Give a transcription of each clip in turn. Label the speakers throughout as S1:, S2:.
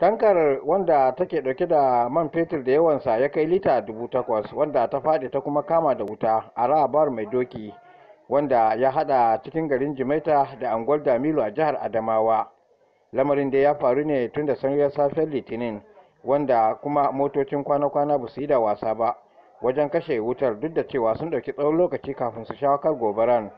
S1: tankar wanda take dauke da man fetur da yawansa ya kai lita dubu takwas wanda ta fadi ta kuma kama da wuta a rabar mai doki wanda ya hada cikin garin jimaita da angol damilu a jihar adamawa lamarin da ya faru ne tun da sanyar safiyar litinin wanda kuma motocin kwana-kwana ba su yi da wasa ba wajen kashe wutar duk da cewa sun dauki tsawon lokaci kafin su shawo gobaran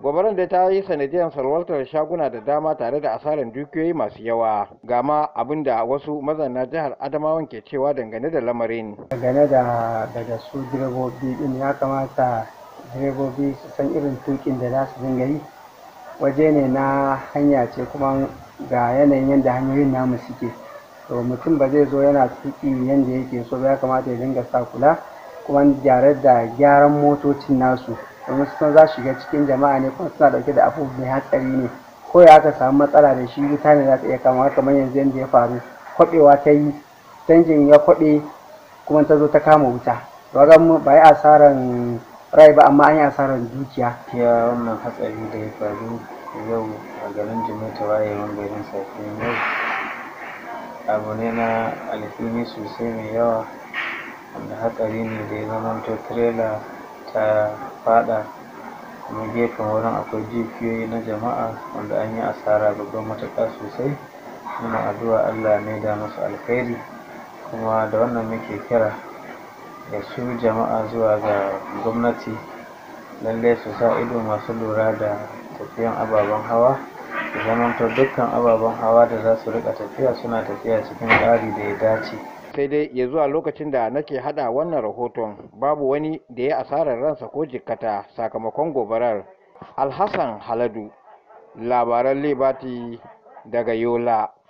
S1: gwamnati da ta yi sanadiyar salwantar shaguna da dama tare da asarar dukiyoyi masu yawa ga ma abin da wasu mazana jihar adamawan ke cewa dangane da lamarin
S2: dangane da daga su direbobi din ya kamata direbobi su san irin tukin da za su dinga yi waje ne na hanya ce kuma ga yanayin yadda hanyoyin namu suke to mutum ba zai zo yana tuki yadda yake so ba ya kamata ya dinga sa kula kuma jarar da gyaran motocin nasu domin sun za su shiga cikin jama'a ne kuma suna dauke da abu mai hatsari ne ko ya aka samu matsala da shi wuta ne za ta iya kama kamar yanzu yadda ya faru kwabewa ta yi canjin ya kwabe kuma ta zo ta kama wuta waga ba yi asaran rai ba amma an yi asaran dukiya ya wannan hatsari da ya faru yau a garin jimeta wayewan garin safiyan yau
S3: abu ne na alfini sosai mai yawa wanda hatsari ne da ya zama to trailer ta faɗa kuma gefen wurin akwai jijiyoyi na jama'a wanda an yi asara babban matuƙa sosai muna addu'a Allah ya da musu alkhairi kuma da wannan muke kira da su jama'a zuwa ga gwamnati lallai su sa ido masu lura da tafiyan ababen hawa su zamanto dukkan ababen hawa da za su rika tafiya suna tafiya cikin tsari da ya dace
S1: sai dai ya zuwa lokacin da nake hada wannan rahoton babu wani da ya asarar ransa ko jikkata sakamakon gobarar alhassan haladu labaran lebati daga yola